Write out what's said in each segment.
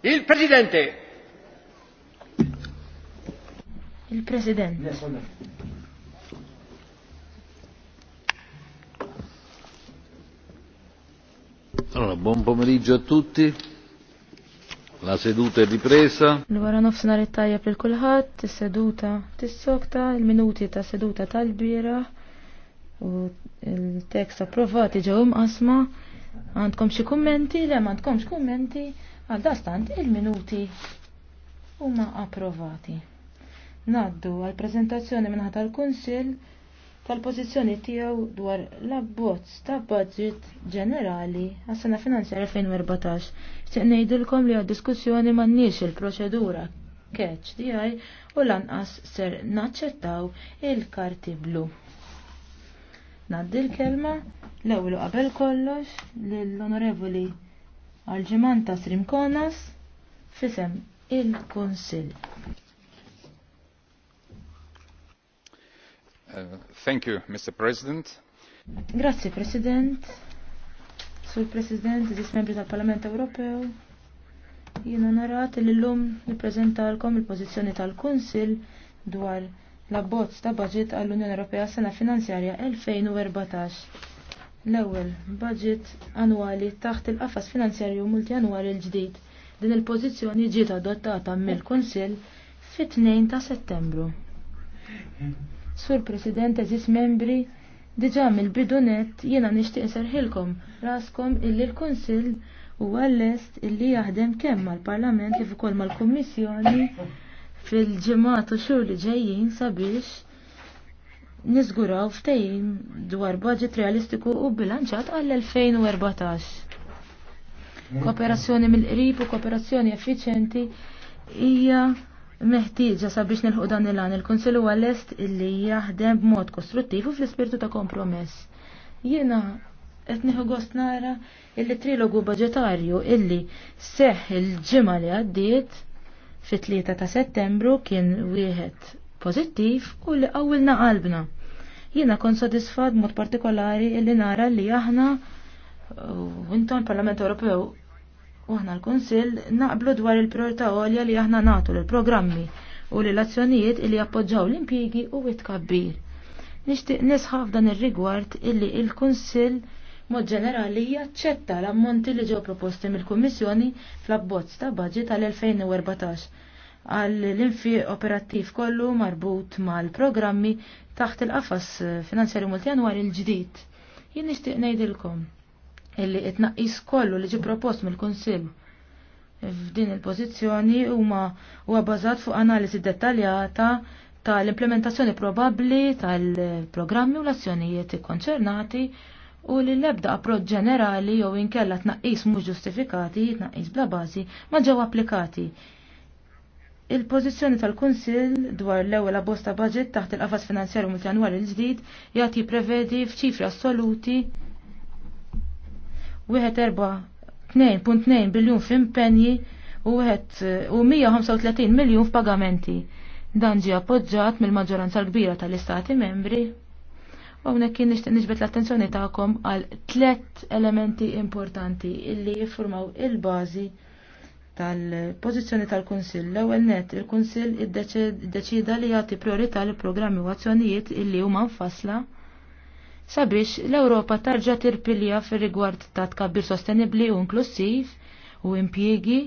Il-Presidente. Il-Presidente. Allora, buon pomeriggio a tutti. La seduta è ripresa. L-wara nofsinhar it-tajjeb lil seduta tis-sokta, il-minuti ta' seduta tal-bira u l-tekst approvati ġew asma. Għandkom xi kummenti? Le m'għandkomx kummenti. Għal dastant il-minuti huma approvati. Naddu għal prezentazzjoni minħat tal-Kunsil tal pozizjoni tiegħu dwar l-abbozz ta' budget ġenerali għas-sena finanzjarja 2014. Xtieq ngħidilkom li għad-diskussjoni m'għandniex il-proċedura catch DI u lanqas ser naċċettaw il-karti blu. Naddi l-kelma l-ewwel qabel kollox lill-Onorevoli għal-ġiman ta' Srimkonas fisem il-Konsil. Uh, thank you, Mr. President. Grazie, President. Sul President, zis membri tal-Parlament Ewropew. Jien onorat li l-lum niprezentalkom il-pozizjoni tal konsil dwar l-abbozz ta' budget għall-Unjoni Ewropea sena finanzjarja 2014 l-ewwel budget annwali taħt il-qafas finanzjarju multjanwali l-ġdid. Din il-pożizzjoni ġiet adottata mill-Kunsill fit-2 ta' Settembru. Sur President eżis membri, diġà mill-bidunet jiena nixtieq serħilkom raskom illi l-Kunsill huwa lest illi jaħdem kemm mal-Parlament kif ukoll mal-Kummissjoni fil-ġimgħat u xhur li ġejjin sabiex Nizguraw ftejn dwar budget realistiku u bilanċat għall-2014. Kooperazzjoni mill-qrib u kooperazzjoni effiċenti hija meħtieġa sabiex nilħu dan il-għan il-Konsilu għall est illi jaħdem b'mod kostruttiv u fl-ispirtu ta' kompromess. Jiena qed nieħu gost nara illi trilogu budgetarju illi seħ il-ġimgħa li għaddiet fit-3 ta' Settembru kien wieħed pożittiv u li qawwilna qalbna. Jiena kon sodisfat mod partikolari li nara li aħna u intom l parlament Ewropew u aħna l-Kunsill naqblu dwar il-priorità għolja li aħna nagħtu lill-programmi u l-azzjonijiet li jappoġġaw l-impjigi u it-kabbir. Nixtieq nisħaf dan ir-rigward illi il-Kunsill mod ġenerali jaċċetta l-ammonti li ġew proposti mill-Kummissjoni fl-abbozz ta' budget tal-2014 għal l infi operattiv kollu marbut mal-programmi taħt il-qafas finanzjarju multijanwar il-ġdid. Jien nixtieq ngħidilkom illi itnaqis kollu li ġi propost mill-Kunsill f'din il-pożizzjoni huma huwa bażat fuq analiżi dettaljata tal-implementazzjoni probabbli tal-programmi u l-azzjonijiet konċernati u li l-ebda approċ ġenerali jew inkella tnaqqis mhux ġustifikati, tnaqis bla bażi ma ġew applikati. Il-pożizzjoni tal-Kunsill dwar l-ewwel abbosta budget taħt il-qafas finanzjarju multjanwali l-ġdid jagħti prevedi f'ċifri assoluti wieħed erba' 2.9 biljun f'impenji u wieħed u 135 miljun f'pagamenti. Dan ġie appoġġat mill-maġġoranza l-kbira tal-Istati membri. U hawnhekk kien nixtieq niġbed l-attenzjoni tagħkom għal tliet elementi importanti illi jiffurmaw il-bażi il bażi tal-pożizzjoni tal-Kunsill. L-ewwel net il-Kunsill iddeċida li jagħti priorità lill programmi u azzjonijiet illi huma nfassla sabiex l-Ewropa tarġa' tirpilja fir-rigward ta' tkabbir sostenibbli u inklusiv u impjiegi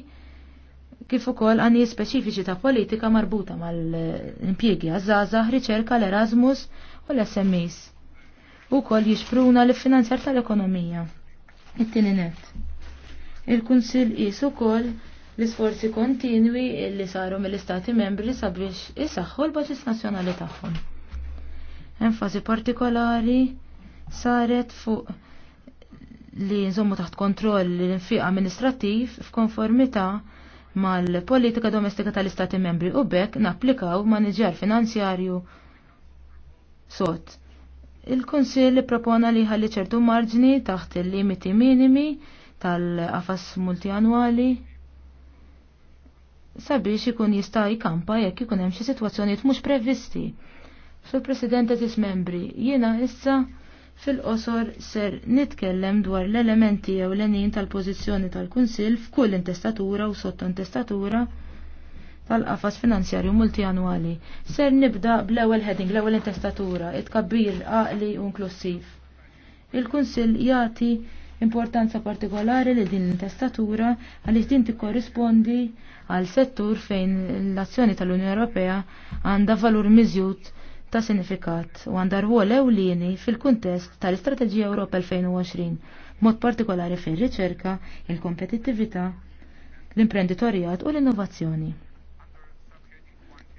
kif ukoll għandi speċifiċi ta' politika marbuta mal-impjiegi għażaża, riċerka l-Erasmus u l-SMEs. U koll jixpruna l-finanzjar tal-ekonomija. It-tieni net. Il-Kunsill qis ukoll l-isforzi kontinwi li saru mill-Istati membri sabiex isaħħu l-baġis nazzjonali tagħhom. Enfasi partikolari saret fuq li nżommu taħt kontroll l-infiq amministrattiv f'konformità mal-politika domestika tal-Istati membri u bekk napplikaw maniġjar finanzjarju sot. Il-Konsil propona li ħalli ċertu marġni taħt il-limiti minimi tal-qafas multianwali sabiex ikun jista' jkampa jekk ikun hemm xi sitwazzjonijiet mhux previsti. Sur President eżis membri, jiena issa fil-qosor ser nitkellem dwar l-elementi jew l-enin tal-pożizzjoni tal-Kunsill f'kull intestatura u sottointestatura tal-qafas finanzjarju multianwali. Ser nibda bl-ewwel heading, l-ewwel intestatura, it-kabbir għaqli u inklusiv. Il-Kunsill jagħti importanza partikolari li din testatura għaliex din tikkorrispondi għal settur fejn l-azzjoni tal-Unjoni Ewropea għandha valur miżjud ta' sinifikat u għanda rwol ewlieni fil-kuntest tal-Istrateġija Ewropa 2020, mod partikolari fejn riċerka il-kompetittività, l-imprenditorijat u l-innovazzjoni.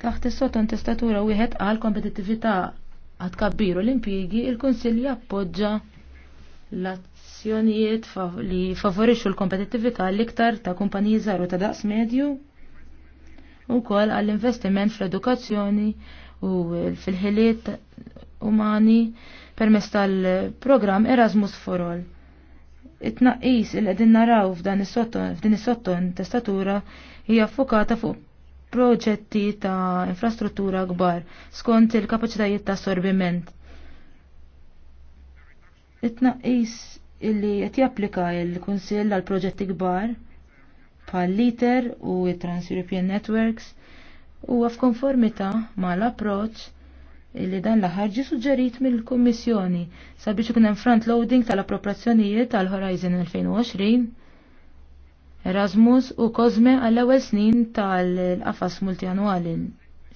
Taħt is intestatura wieħed għal kompetittività għad kabbiru l impjiegi il-Kunsill appoġġa l-att azzjonijiet li favorixxu l-kompetittività l-iktar ta' kumpaniji żgħar ta' daqs medju wkoll għall-investiment fl-edukazzjoni u fil-ħiliet umani permezz tal-programm Erasmus for All. It-tnaqqis il qegħdin naraw f'dan is-sotton is-sotton testatura hija fukata fuq proġetti ta' infrastruttura kbar skont il-kapaċitajiet ta' sorbiment. It-tnaqqis illi qed japplika l-Kunsill għal proġetti kbar bħal liter u Trans-European Networks huwa f'konformità mal-approċċ illi dan l-aħħar ġi suġġerit mill-Kummissjoni sabiex ikun hemm front loading tal-appropriazzjonijiet tal Horizon 2020 Erasmus u Kozme għall ewwel snin tal-qafas multianwali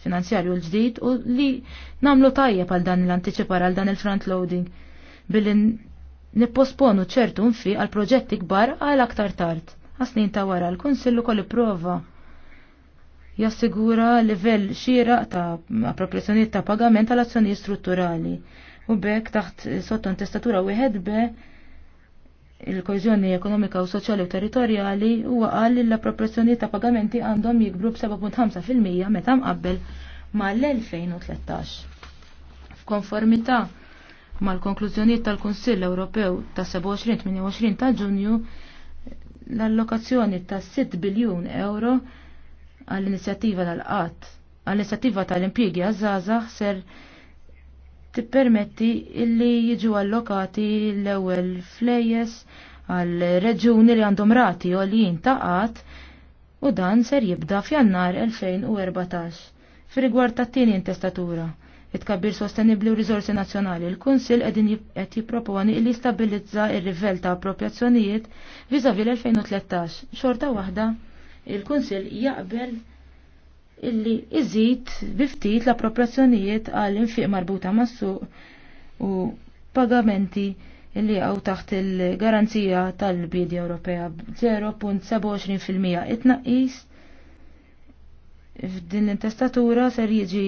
finanzjarju l-ġdid u li namlu tajjeb għal dan l-antiċipar għal dan il-front loading billi nipposponu ċertu nfi għal proġetti kbar għal aktar tard. Għasnin ta' wara l-Konsillu kolli prova jassigura livell xieraq ta' appropriazzjoniet ta' pagament għal azzjonijiet strutturali. U bekk taħt sottontestatura u be il-kohezjoni ekonomika u soċjali u territorjali huwa qal li l appropriazzjoniet ta' pagamenti għandhom jikbru b'7.5% meta mqabbel mal-2013. F'konformità Mal-konklużjonijiet tal-Kunsill Ewropew ta' 27-28 ta' Ġunju l-allokazzjoni ta' 6 biljun euro għall-inizjattiva tal-qatt għall-inizjattiva tal-impjiegi għaż-żgħażagħ ser tippermetti illi jiġu allokati l-ewwel flejes għal reġuni li għandhom rati għoljien ta' qatt u dan ser jibda f'jannar 2014 fir-rigward tat-tieni intestatura it-kabbir sostenibli u rizorsi nazzjonali. Il-Kunsil qegħdin qed jipproponi li jistabilizza r-livell ta' appropriazzjonijiet viżavi l-2013. Xorta waħda il-Kunsil jaqbel illi iżid biftit l-appropriazzjonijiet għall infiq marbuta mas u pagamenti illi għaw taħt il-garanzija tal-bidi Ewropea 0.27% it-naqis f'din l-intestatura ser jiġi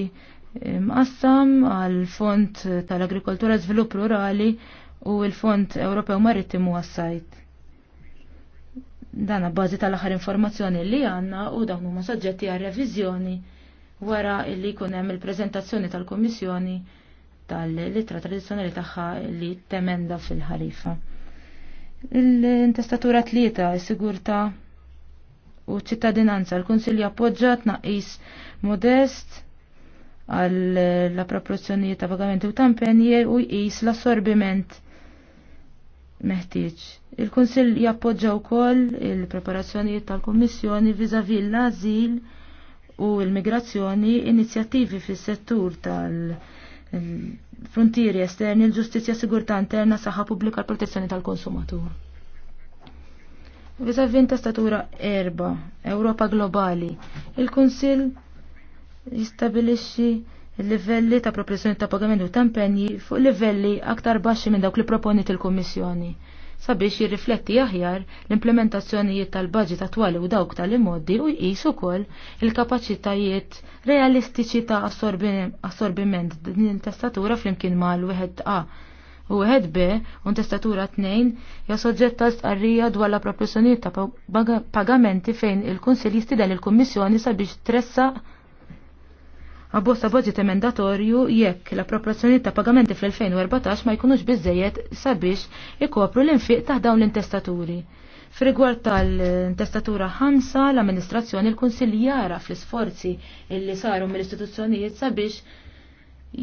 mqassam għal Fond tal-Agrikoltura l-Zvilupp Rurali u l-Fond Ewropew Marittimu għas-sajt. Dan bażi tal-aħħar informazzjoni li għandna u dawn huma soġġetti għal reviżjoni wara li jkun hemm il-preżentazzjoni tal-Kummissjoni tal-litra tradizzjonali tagħha li temenda fil-ħarifa. L-intestatura tlieta, s-sigurta u ċittadinanza, l-Kunsilja appoġġat tnaqqis modest għall eh, proporzjonijiet ta' pagamenti u tampenji u jqis l-assorbiment meħtieġ. Il-Kunsill jappoġġa wkoll il-preparazzjonijiet tal-Kummissjoni viżavi l-azil u l-migrazzjoni inizjattivi fis-settur tal-frontieri esterni, l-ġustizzja sigurtà interna, saħħa pubblika l-protezzjoni tal-konsumatur. Viżavi intestatura erba, Ewropa globali. Il-Kunsill jistabilixxi livelli ta' proporzjoni ta' pagamenti u tempenji fuq livelli aktar baxxi minn dawk li proponit il-Kummissjoni sabiex jirrifletti aħjar l-implementazzjonijiet tal-budget attwali u dawk tal immodi u jqis ukoll il-kapaċitajiet realistiċi ta' assorbiment din il-testatura flimkien mal-1 A u wieħed B u testatura 2 ja soġġetta stqarrija dwar la proporzjonijiet ta' pagamenti fejn il-Kunsill jistidan il-Kummissjoni sabiex tressa' Abbosta budget emendatorju jekk l-appropriazzjoni ta' pagamenti fl-2014 ma jkunux biżejjed sabiex ikopru l-infiq ta' dawn l-intestaturi. Frigwar tal-intestatura ħamsa, l-amministrazzjoni l-konsiljara fl-isforzi illi saru mill-istituzzjonijiet sabiex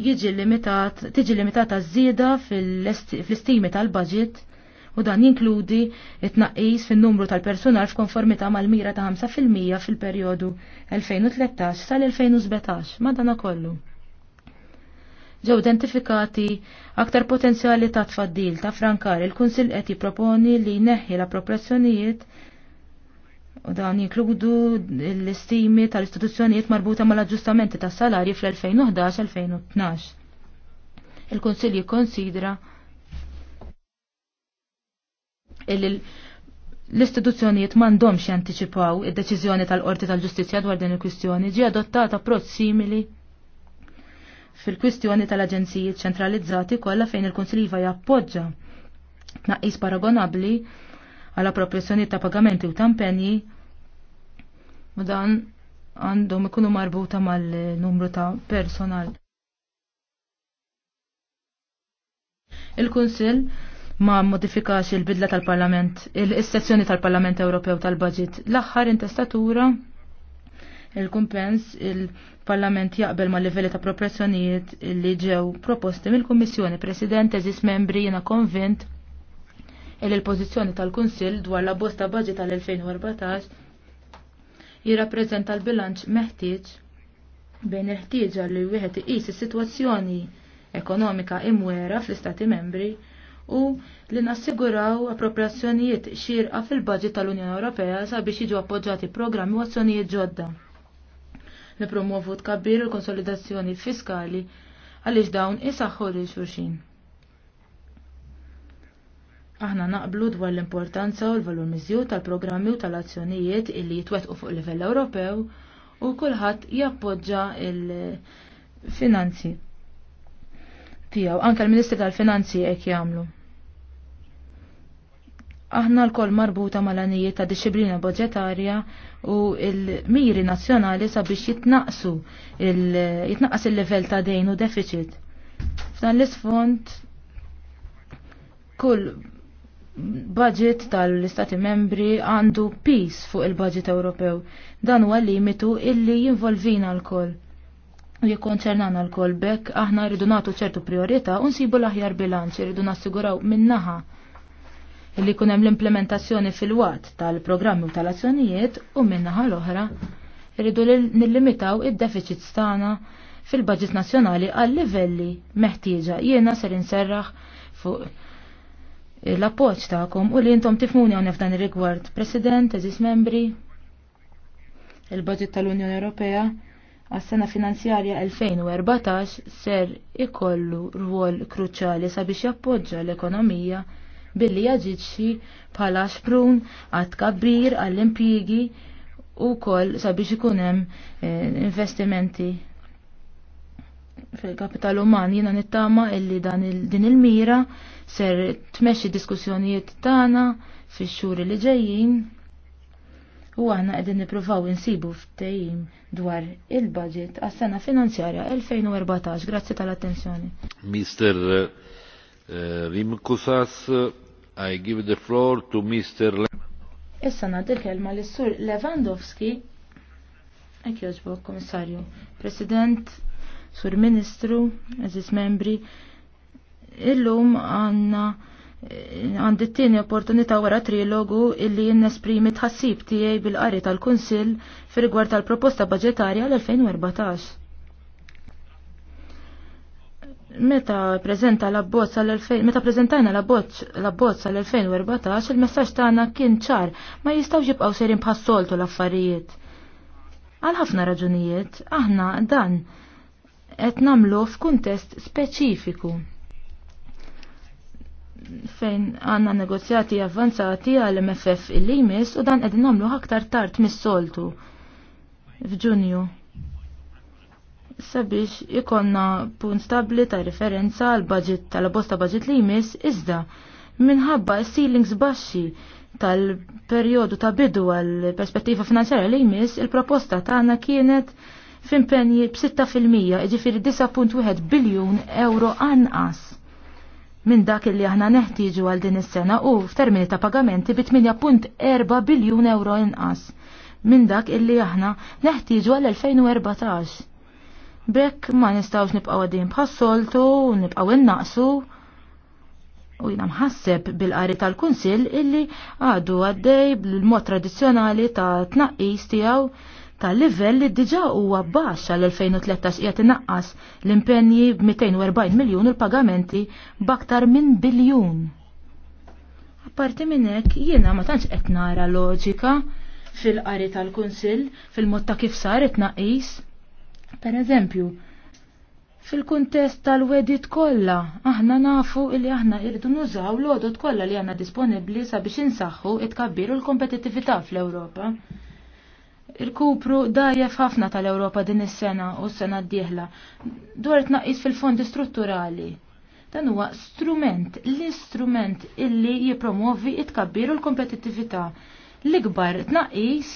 jiġi limitat, tiġi limitata zida fl-istimi tal-budget u dan jinkludi it-naqis fin-numru tal-personal f'konformità mal-mira ta' 5% fil-perjodu 2013 sal-2017 madana kollu. Ġew identifikati aktar potenzjali ta' tfaddil ta' frankar il-Kunsil qed jipproponi li jneħħi l-appropriazzjonijiet u dan jinkludu l-istimi tal-istituzzjonijiet marbuta mal-aġġustamenti tas salarji fl-2011-2012. il kunsil jikkonsidra l-istituzzjonijiet m'għandhomx jantiċipaw id-deċiżjoni tal-Qorti tal-Ġustizzja dwar din il-kwistjoni ġie adottata approċċ simili fil-kwistjoni tal-aġenzijiet ċentralizzati kollha fejn il-Kunsiliva jappoġġa tnaqqis paragonabbli għal appropriazzjoni ta' pagamenti u tampenji u dan għandhom ikunu marbuta mal-numru ta' personal. Il-Kunsill ma modifikax il-bidla tal-Parlament, il-sezzjoni tal-Parlament Ewropew tal-Budget. L-aħħar intestatura il-kumpens il-Parlament jaqbel ma' livelli ta' proporzjonijiet li ġew proposti mill-Kummissjoni President eżis membri jiena konvint il il-pożizzjoni tal-Kunsill dwar la bosta budget tal-2014 jirrappreżenta l-bilanċ meħtieġ bejn il-ħtieġa li wieħed iqis is-sitwazzjoni ekonomika imwera fl-Istati membri u li nassiguraw appropriazzjonijiet xirqa fil-budget tal-Unjoni Ewropea sabiex jiġu appoġġjati programmi u azzjonijiet ġodda. Nipromovu tkabbir u konsolidazzjoni fiskali għaliex dawn isaħħu lil xulxin. Aħna naqblu dwar l-importanza u l-valur miżjud tal-programmi u tal-azzjonijiet illi jitwetqu fuq livell Ewropew u kulħadd jappoġġa il-finanzi tiegħu. Anke l-Ministri tal-Finanzi qed jagħmlu aħna l koll marbuta mal-għanijiet ta' disciplina budġetarja u il-miri nazzjonali sabiex jitnaqsu jitnaqas il-level ta' dejn u deficit. F'dan l-isfond kull budget tal-Istati membri għandu pis fuq il-budget Ewropew. Dan huwa limitu illi jinvolvina l-koll. U jikkonċernana l-koll bekk aħna rridu nagħtu ċertu priorità u nsibu l-aħjar bilanċ, rridu nassiguraw minnaħa naħa li kunem l-implementazzjoni fil-wat tal-programmi u tal-azzjonijiet u minnaħa l-oħra rridu li nillimitaw id-deficit stana fil-budget nazjonali għal livelli meħtieġa jiena ser inserraħ fuq l-appoċ ta'kom u li jintom tifmuni għon f'dan il rigward President, eżis membri, il-budget tal-Unjoni Ewropea għas-sena finanzjarja 2014 ser ikollu rwol kruċali sabiex jappoġġa l-ekonomija billi jaġiċi bħala xprun għat kabbir għall-impjigi u kol sabiex ikunem eh, investimenti fil-kapital uman jina nittama illi dan il din il-mira ser tmexxi diskussjonijiet tagħna fix-xhur li ġejjin u aħna qegħdin nippruvaw insibu ftehim dwar il-budget għas-sena finanzjarja 2014. Grazzi tal-attenzjoni. Mr. Eh, eh, Rimkusas I give the floor to Mr. Le Issa nadil kelma l sur Lewandowski, ek joġbok komissarju, president, sur ministru, eżis membri, illum għanna għandi t-tieni opportunità wara trilogu illi nesprimi tħassib tiegħi bil-qari tal-Kunsill fir-rigward tal-proposta budġetarja l-2014. Meta prezenta l bozza l 2000 meta prezentajna l-abbozz l 2014 il-messaġġ tagħna kien ċar ma jistgħu jibqgħu serin bħas-soltu l-affarijiet. Għal ħafna raġunijiet, aħna dan qed nagħmlu f'kuntest speċifiku fejn għanna negozjati avvanzati għal MFF il-limis u dan qegħdin nagħmlu aktar tard mis-soltu f'Ġunju sabiex ikonna punt stabli ta' referenza għal budget tal-bosta budget li jmiss iżda minħabba ceilings baxxi tal-perjodu ta' bidu għal perspettiva finanzjarja li jmiss il-proposta tagħna kienet f'impenji b'6% iġifieri 9.1 biljun euro anqas minn dak li aħna neħtieġu għal din is-sena u f'termini ta' pagamenti bi 8.4 biljun euro inqas minn dak illi aħna neħtieġu għal 2014 Bekk ma nistawx nibqaw għadin bħassoltu, nibqaw innaqsu. U jina mħasseb bil-qari tal-Kunsil illi għadu għaddej bil-mod tradizjonali ta' tnaqqis tiegħu ta' livell li diġa huwa għabbax għal-2013 jgħat naqqas l-impenji b'240 miljun l pagamenti b'aktar minn biljun. Apparti minn hekk jiena ma tantx qed nara loġika fil-qari tal-Kunsill fil-mod ta' kif sar it-tnaqqis Per eżempju, fil-kuntest tal-wedit kollha, aħna nafu li aħna irridu nużaw l odot kollha li għandna disponibbli sabiex insaħħu it-kabbiru l kompetitività fl-Ewropa kupru dajjef ħafna tal-Ewropa din is-sena u s-sena d-dieħla dwar tnaqqis fil-fondi strutturali. Dan huwa strument, l-istrument illi jipromuovi it-kabbiru l kompetitività L-ikbar tnaqqis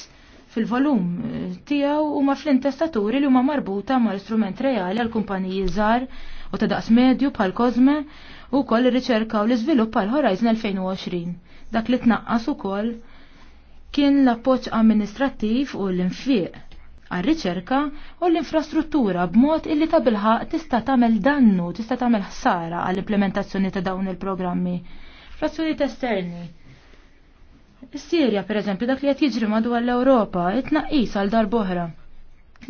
fil-volum eh, tiegħu huma fl-intestaturi li huma marbuta mal strument reali għal kumpaniji żgħar u ta' daqs medju bħal Kozme u koll riċerka u l-iżvilupp bħal Horizon 2020. Dak li tnaqqas ukoll kien l-appoġġ amministrattiv u l-infiq għal-riċerka u l-infrastruttura b'mod illi ta' bilħaq tista' tagħmel dannu, tista' tagħmel ħsara għall-implementazzjoni ta' dawn il-programmi. Frazzjoni esterni Is-Sirja pereżempju dak li qed jiġri madwar l-Ewropa itnaqqis għal darb'oħra.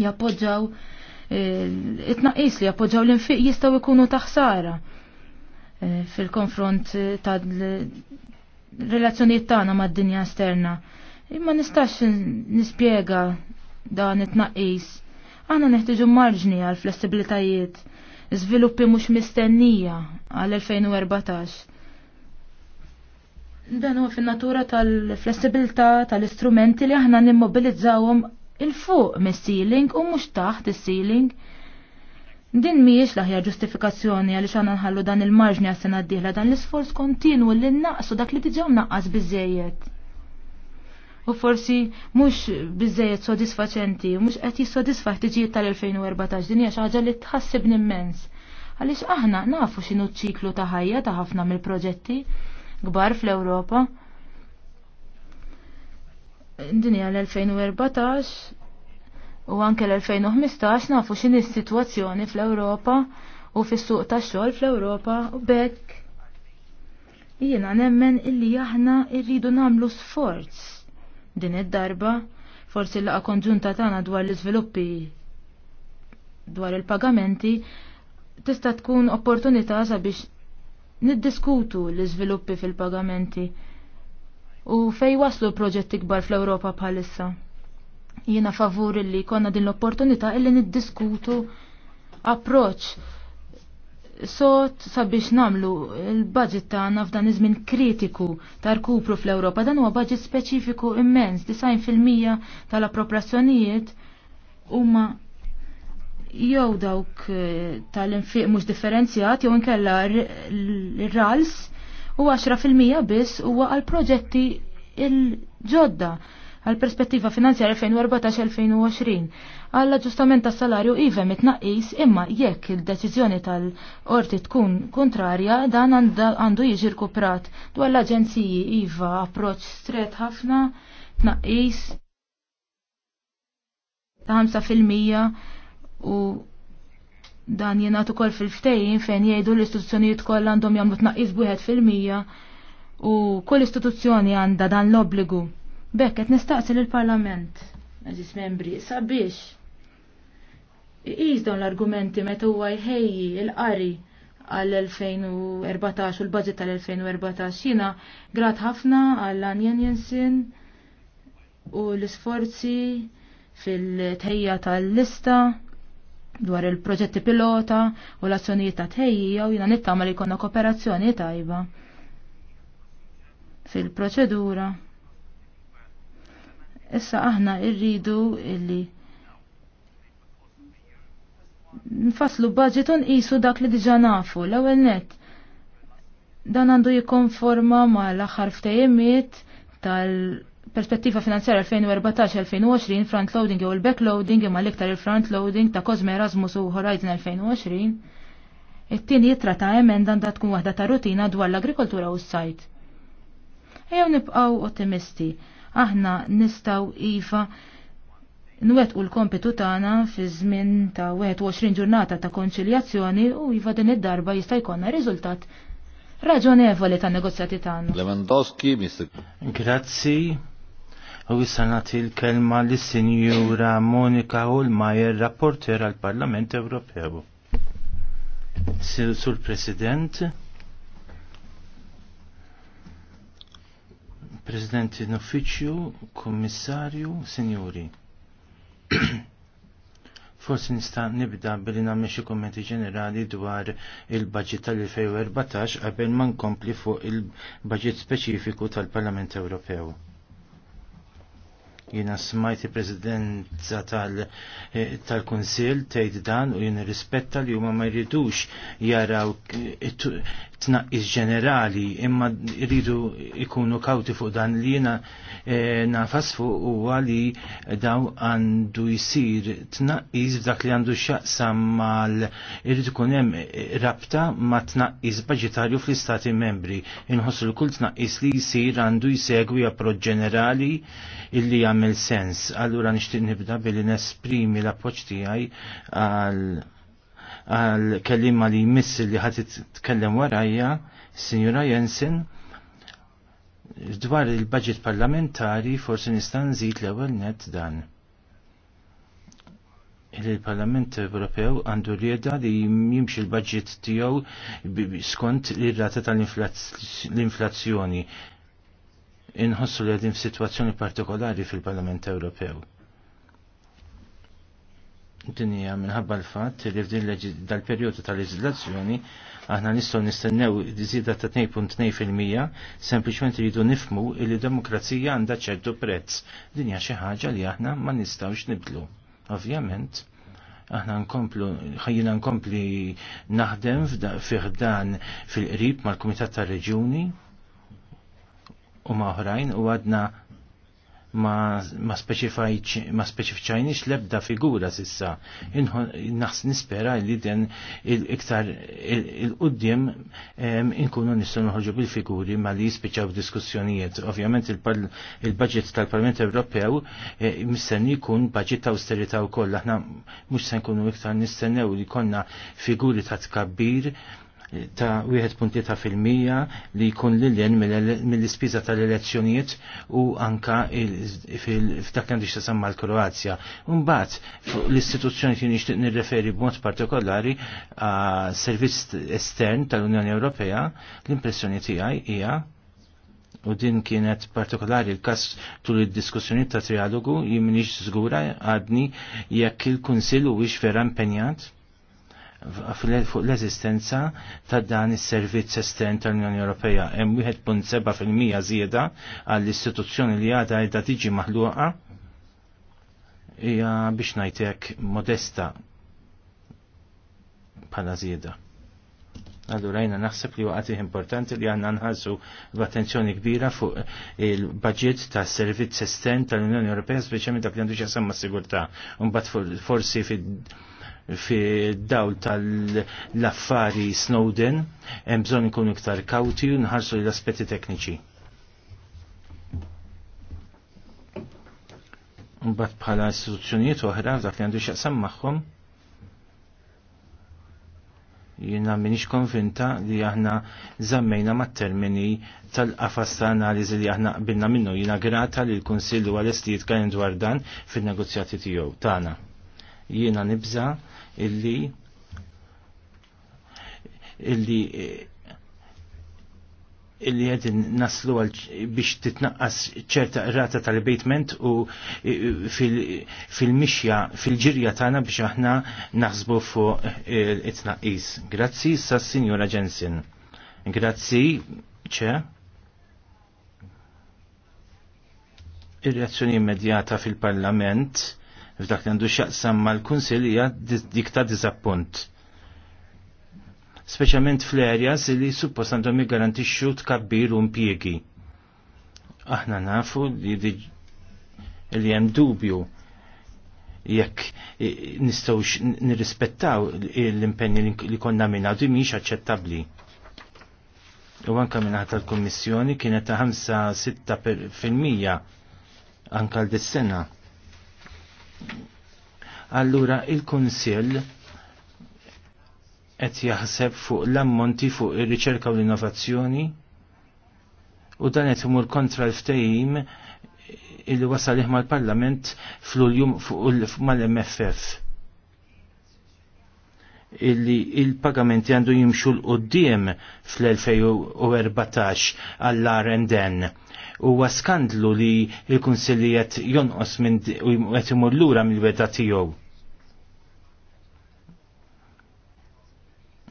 Jappoġġaw eh, it-tnaqqis li jappoġġaw l-infiq jistgħu jkunu taħsara eh, fil-konfront ta' relazzjonijiet tagħna mad-dinja esterna. Imma nistax nispjega dan it-tnaqqis. Aħna neħtiġu marġni għal flessibilitajiet, żviluppi mhux mistennija għal 2014 Dan huwa fin-natura tal-flessibilità tal-istrumenti li aħna nimmobilizzawhom il fuq mis-ceiling u mhux taħt is-ceiling. Din mhijiex l-aħjar ġustifikazzjoni għaliex aħna nħallu dan il-marġni għas-sena d-dieħla dan l-isforz kontinwu li naqsu dak li diġà naqqas biżejjed. U forsi mhux biżejjed sodisfaċenti, mhux qed jissodisfaħ tiġijiet tal-2014 din hija xi li tħassibni immens. Għaliex aħna nafu x'inhu ċiklu ta' ħajja ta' ħafna mill-proġetti kbar fl-Ewropa. Dinja l-2014 u anke l-2015 nafu xin is-sitwazzjoni fl-Ewropa u fis-suq tax-xogħol fl-Ewropa u bekk. Jiena nemmen illi aħna rridu nagħmlu sforz din id-darba forsi l-laqa konġunta tagħna dwar l-iżviluppi dwar il-pagamenti tista' tkun opportunità sabiex niddiskutu l-iżviluppi fil-pagamenti u fej waslu proġetti kbar fl-Ewropa bħalissa. Jiena favur li konna din l-opportunità illi niddiskutu approċ sot sabiex namlu il-budget tagħna f'dan iż-żmien kritiku ta' rkupru fl-Ewropa dan huwa budget speċifiku immens, 90% tal-appropriazzjonijiet huma jew dawk eh, tal-infiq mhux differenzjat jew inkella r-rals u 10% biss huwa għal proġetti il-ġodda għal perspettiva finanzjarja 2014-2020. Għal aġġustament tas salarju iva mitnaqis imma jekk il-deċiżjoni tal-qorti tkun kontrarja dan għandu jiġi rkuprat dwar l-aġenziji iva approċ stret ħafna tnaqis ta' 5 u dan jenat ukoll fil-ftejn fejn jgħidu l-istituzzjonijiet kollha għandhom jagħmlu tnaqqis buħed fil-mija u kull istituzzjoni għandha dan l-obbligu. Bekk qed nistaqsi lill-Parlament għazis membri sabiex iqis dawn l-argumenti meta huwa jħejji l-qari għal-2014 u l-budget tal-2014 jina grat ħafna għall-Anjen jensin u l-sforzi fil-tħejja tal-lista dwar il-proġetti pilota u l-azzjonijiet ta' tħejjija u jina nittama li jkollna kooperazzjoni tajba fil-proċedura. Issa aħna rridu illi nfaslu budget u nqisu dak li diġa nafu l-ewwel net. Dan għandu jikkonforma ma l-aħħar ftejimiet tal- perspettiva finanzjarja 2014-2020 front loading jew l back loading imma l-iktar il-front loading ta' Cosme Erasmus u Horizon 2020. It-tieni jitra ta' emenda għandha tkun waħda ta' rutina dwar l-agrikoltura u s-sajt. Ejaw nibqgħu ottimisti. Aħna nistgħu iva nwet u l-kompitu tagħna fi żmien ta' 21 ġurnata ta' konċiljazzjoni u iva din id-darba jista' jkollna riżultat raġonevoli ta' negozjati tagħna. Lewandowski, Mr. Grazzi. U issa nagħti l-kelma lis-Sinjura Monika Holmajer, rapporter għall parlament Ewropew. Sur President, President in Officio, Kommissarju, Signori. Forsi nista' nibda billi nagħmel xi kummenti ġenerali dwar il budget tal-2014 qabel ma nkompli fuq il budget speċifiku tal-Parlament Ewropew Jina smajti prezidenza tal eh, konsil tal tgħid dan u jien rispetta li huma ma jridux jaraw eh, tnaqqis ġenerali imma rridu ikunu kawti fuq dan li jena e, nafas fuq u li daw għandu jisir tnaqqis f'dak li għandu xaqsam mal irridu kunem eh, rabta ma tnaqqis budgetarju fl-istati membri inħossu l kull tnaqqis li jisir għandu jisegwi approċ ġenerali illi għamil sens allura nixtieq nibda billi nesprimi l-appoġġ tiegħi għal għal kellima li jmiss li ħat tkellem warajja, Sinjura Jensen, dwar il-budget parlamentari forsi nista' nżid l-ewwel net dan. Il-Parlament Ewropew għandu rieda li jimxi l-budget tiegħu skont ir-rata tal-inflazzjoni. Inħossu li għedin f'sitwazzjoni partikolari fil-Parlament Ewropew dinija minħabba l-fat li f'din dal-periodu tal-leġizlazzjoni aħna nistgħu nistennew diżida ta' 2.2% sempliċement rridu nifmu li demokrazija għandha ċertu prezz. Din hija xi ħaġa li aħna ma nistgħux nibdlu. Ovvjament, aħna nkomplu, ħajjina nkompli naħdem fiħdan fil-qrib mal-Kumitat tar-Reġjuni u ma' oħrajn u għadna ma, ma speċifiċajnix lebda figura sissa. Naħs nispera li den iktar il-qoddim inkunu nistgħu noħorġu bil-figuri ma li jispiċaw diskussjonijiet. Ovvjament il-budget tal-Parlament Ewropew e, mistenni jkun budget ta' u wkoll. Aħna mhux se nkunu iktar nistennew li konna figuri ta' tkabbir ta' 1.3% li jkun liljen mill-ispiża tal-elezzjonijiet u anka f'dak għandix tasamma l-Kroazja. Unbat, l-istituzzjoni kien nixtieq nirreferi b'mod partikolari għal servizz estern tal-Unjoni Ewropea, l-impressjoni tiegħi hija u din kienet partikolari l-kas tul id-diskussjoni ta' trialogu jimminix zgura għadni jekk il-Kunsill u wix vera impenjat fuq l-eżistenza ta' dan is-servizz estern tal-Unjoni Ewropea hemm wieħed punt seba' fil-mija żieda għall-istituzzjoni li għadha qiegħda tiġi maħluqa hija biex ngħidlek modesta bħala żieda. Allura jina naħseb li waqgħet importanti li għandna nħassu b'attenzjoni kbira fuq il-budget ta' servizz estern tal-Unjoni Ewropea speċjalment dak li għandu x'jasam ma' sigurtà. Mbagħad forsi fid fi dawl tal-affari Snowden, hemm bżonn iktar kawti u nħarsu l-aspetti tekniċi. Mbagħad bħala istituzzjonijiet oħra dak li għandu x'jaqsam magħhom jiena minix konvinta li aħna zammejna mat termini tal-qafas ta' analiżi li aħna qbilna minnu. Jiena grata li l-Kunsillu għal-estijiet kien dwar dan fin-negozjati tiegħu tagħna jiena nibza' illi illi illi għedin naslu biex titnaqqas ċerta rata tal-bejtment u e, fil-mixja, fil-ġirja tagħna biex aħna naħsbu fuq e, it-tnaqqis. Grazzi sa' Sinjora Jensen. Grazzi, ċe? Ir-reazzjoni immedjata fil-Parlament f'dak li għandu xaqsam mal-kunsil hija dik ta' diżappunt. Speċjalment fl-areas li suppost għandhom jiggarantixxu tkabbir u impjiegi. Aħna nafu li li hemm dubju jekk nistawx nirrispettaw l-impenni li konna minna di miex aċċettabbli. U anka minna tal kummissjoni kienet ta' 5-6% anka l-dis-sena. Allura il-Kunsill qed jaħseb fuq l-ammonti fuq ir-riċerka u l-innovazzjoni u dan qed imur kontra l-ftehim illi wasal mal parlament fl ulju fuq mal-MFF illi il-pagamenti għandu jimxu l-qoddim fl-2014 għall-R&N. Huwa skandlu li il-Kunsillijiet jonqos minn qed imur lura mill-weda tiegħu.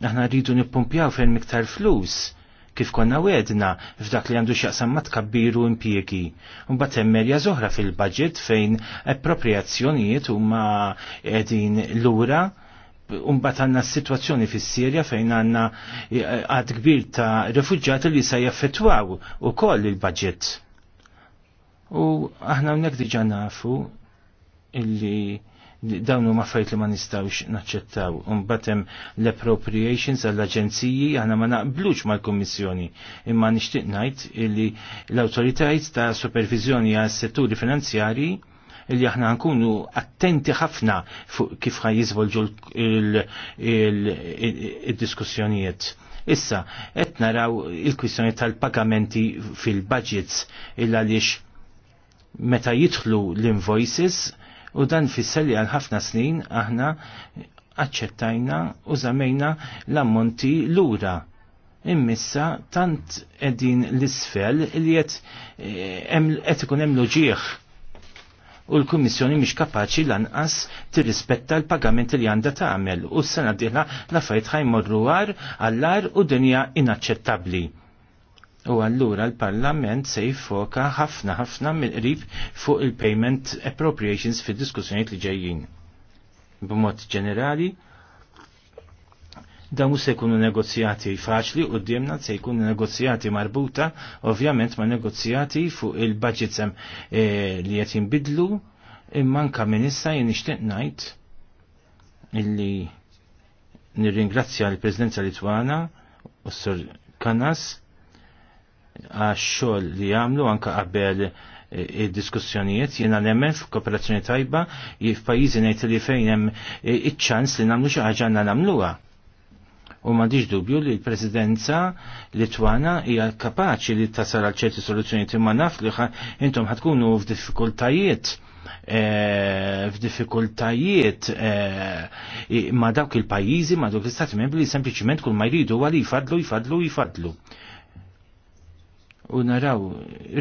Aħna rridu nippumpjaw fejn miktar flus kif konna wedna f'dak li għandu xaqsam ma tkabbiru impjiegi. Mbagħad hemm erja zoħra fil-budget fejn appropriazzjonijiet huma qegħdin lura Umbat għanna s-situazzjoni fis sirja fejn għanna eh, għad kbir ta' refugġati li se jaffetwaw u koll il-budget. U aħna unnek diġa nafu illi dawn huma li ma nistgħux naċċettaw. Imbagħad hemm l-appropriations għall-aġenziji aħna ma naqblux mal-Kummissjoni imma nixtieq ngħid illi l-awtoritajiet ta' supervizjoni għas setturi finanzjarji li aħna nkunu attenti ħafna fuq kif ħaj jiżvolġu il-diskussjonijiet. Issa, qed naraw il-kwistjoni tal-pagamenti fil-budgets il għaliex meta jidħlu l-invoices u dan fisser li għal ħafna snin aħna aċċettajna u zamejna l-ammonti lura immissa tant edin l-isfel li eh, qed ikun hemm loġieħ u l-Kummissjoni mhix kapaċi lanqas tirrispetta l-pagamenti li għandha tagħmel u s-sena diħla l-affarijiet ħajmorru għar għallar u dinja inaċċettabbli. U allura l-Parlament se jiffoka ħafna ħafna mill-qrib fuq il-payment appropriations fid-diskussjonijiet li ġejjin. B'mod ġenerali, Da mhux se jkunu negozjati faċli u d-diemna se jkunu negozjati marbuta ovvjament ma' negozjati fuq il-budget e, eh, li qed jinbidlu immanka minn issa jien nixtieq ngħid illi nirringrazzja l-Presidenza Litwana u s-Sur Kanas għax xogħol li jagħmlu anke qabel eh, diskussjonijiet jiena nemmen f'kooperazzjoni tajba f'pajjiżi ngħid li fejn hemm eh, iċ-ċans li nagħmlu xi ħaġa nagħmluha u m'għandix dubju li l-Presidenza Litwana hija kapaċi li tasal għal ċerti soluzzjonijiet imma naf li intom ħatkunu f'diffikultajiet eh, f'diffikultajiet eh, ma' dawk il-pajjiżi, ma' dawk l-istati membri li sempliċiment kull ma jridu għal jifadlu, jifadlu, jifadlu. U naraw,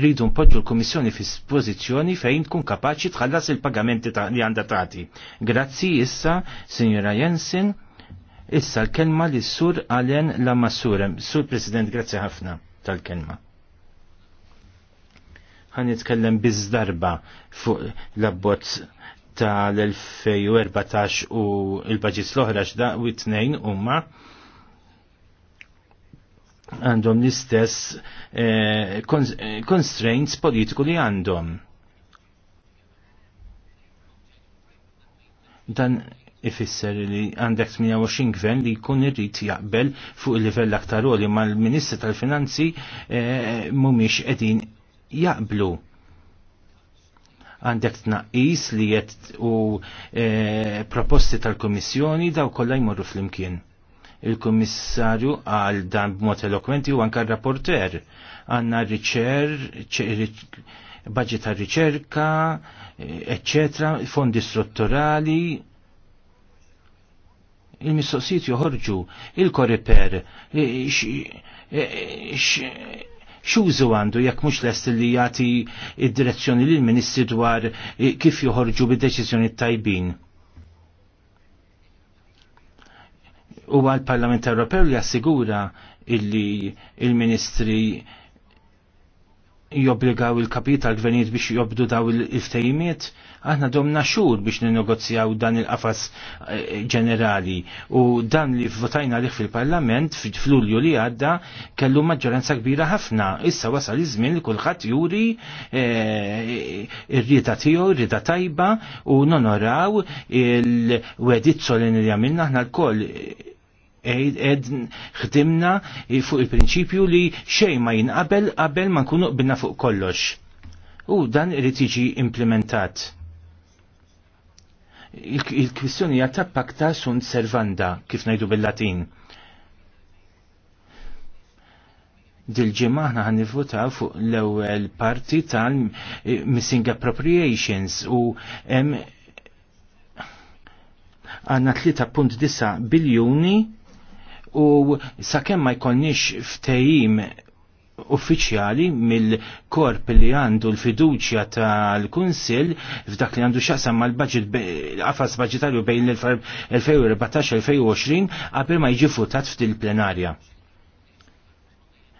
rridu npoġġu l-Komissjoni fi pożizzjoni fejn tkun kapaċi tħallas il-pagamenti li għandha tagħti. Grazzi issa, Sinjora Jensen Issa l-kelma li sur għalen la massurem. Sur President, grazzi ħafna tal-kelma. Għan jitkellem bizdarba fuq l-abbozz tal-2014 u il-bagġis l da u it-tnejn umma għandhom l-istess eh, eh, constraints politiku li għandhom. Dan ifisser li għandek 28 gvern li jkun irrit jaqbel fuq il-livell aktar li ma l-Ministri tal-Finanzi eh, mumiex qegħdin jaqblu. Għandek tnaqqis li jett u e, proposti tal-Komissjoni daw jmurru jmorru flimkien. Il-Komissarju għal dan b'mod elokwenti u anka rapporter għanna riċer, budget ta' riċerka, eccetera, eh, fondi strutturali, il-mistoqsijiet joħorġu il-koriper xużu għandu jekk mhux lest li jagħti id-direzzjoni lil ministri dwar kif joħorġu bid-deċiżjoni tajbin. U għal Parlament Ewropew li assigura illi il-ministri jobbligaw il kapital tal-gvernijiet biex jobdu daw il-ftejmiet, aħna domna xur biex ninnegozjaw dan il-qafas eh, ġenerali. U dan li votajna liħ fil-parlament fil-lulju li għadda kellu maġġoranza kbira ħafna. Issa wasal iż-żmien li kulħadd juri eh, ir-rieta tiegħu, ir-rieta tajba u nonoraw il-wedit solenni li għamilna aħna l-koll ed ħdimna fuq il-prinċipju li xej ma jinqabel qabel ma nkunu qbilna fuq kollox. U dan irid jiġi implementat. Il-kwistjoni hija ta' pakta sunt servanda kif ngħidu bil-Latin. dil ġimaħna ħna ħan nivvota fuq l-ewwel parti tal-Missing Appropriations u hemm għandna 3.9 biljuni u sakemm ma jkollniex ftehim uffiċjali mill-korp li għandu l-fiduċja tal-Kunsil f'dak li għandu xaqsam mal budget qafas budgetarju bejn l-2014-2020 qabel ma jiġi votat f'dil plenarja.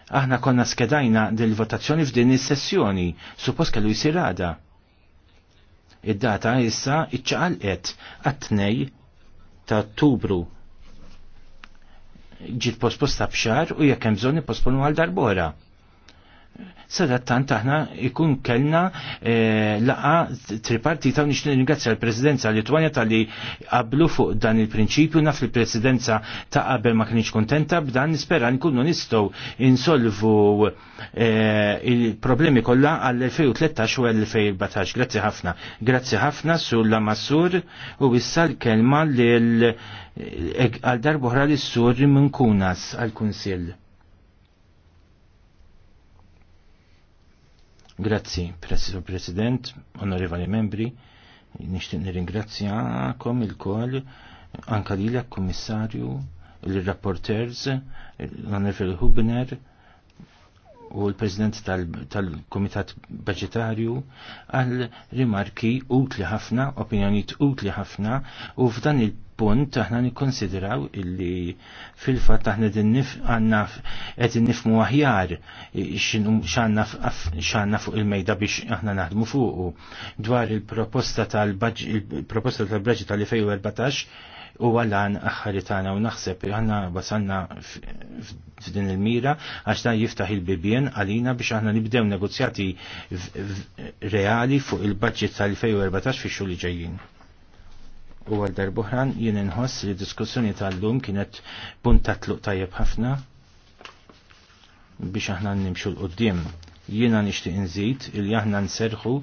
Aħna konna skedajna dil-votazzjoni f'din is-sessjoni, suppost kellu jsir għada. Id-data issa iċċaqalqet għat-2 ta' Ottubru ġit posposta b'xar u jekk hemm bżonn ipposponu għal darbora. Sadattant aħna ikun kellna eh, laqa triparti ta' nixtieq ringrazzja l-Presidenza Litwanja tal-li qablu fuq dan il-prinċipju naf l presidenza ta' qabel ma kienx kontenta b'dan nispera nkunu nistgħu insolvu eh, il-problemi kollha għall-2013 u 2014. Grazzi ħafna. Grazzi ħafna sulla massur u issa l-kelma eh, għal darbohra l-sur minn kunas għal-Kunsill. Grazzi, President, onorevoli membri, nishtiq nirringrazzjakom il-koll, anka l kommissarju, il-rapporters, l-onorevoli Hubner, u l-President tal-Komitat Budgetarju għal rimarki utli ħafna, opinjoniet utli ħafna u f'dan il- punt aħna nikkonsidraw illi fil-fatt aħna għanna qed nifmu aħjar x'għandna fuq il-mejda biex aħna naħdmu fuqu dwar il-proposta tal-proposta tal-budget tal-2014 u għallan aħħari tagħna u naħseb aħna wasalna f'din il-mira għax dan jiftaħ il-bibien għalina biex aħna nibdew negozjati reali fuq il-budget tal-2014 fix-xhur ġejjin u għal darbuħran jien inħoss li diskussjoni tal-lum kienet punt ta' tluq tajjeb ħafna biex aħna nimxu l-qoddim. Jiena nixtieq nżid li aħna nserħu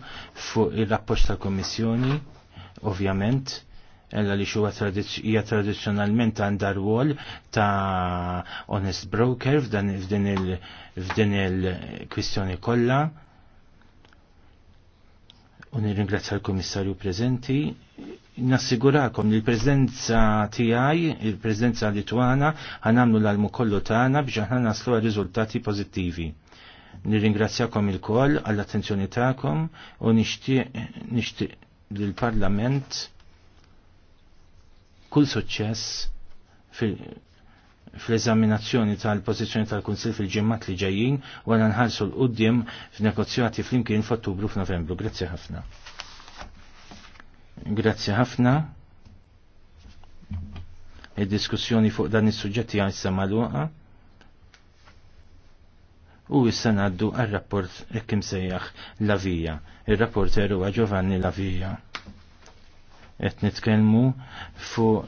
fuq ir-rapport tal-Kommissjoni, ovvjament, ella li xuwa hija tradizzjonalment għandha rwol ta' honest broker f'din il-kwistjoni kollha. U nirringrazzja l-Kummissarju preżenti nassigurakom li l-prezenza tiegħi, il-prezenza Litwana, ħanamlu l-almu kollu tagħna biex aħna naslu riżultati pożittivi. Nirringrazzjakom il-koll għall-attenzjoni tagħkom u nixtieq l-Parlament kull suċċess fl-eżaminazzjoni tal-pożizzjoni tal-Kunsil fil-ġimmat li ġejjin u għana nħarsu l-qoddim f'negozjati fl-imkien f'Ottubru f'Novembru. Grazzi ħafna. Grazzi ħafna. Id-diskussjoni fuq dan is-suġġetti għal samaluqa. U issa ngħaddu għar-rapport hekk sejjaħ Lavija. Ir-rapport huwa Giovanni Lavija. Qed nitkellmu fuq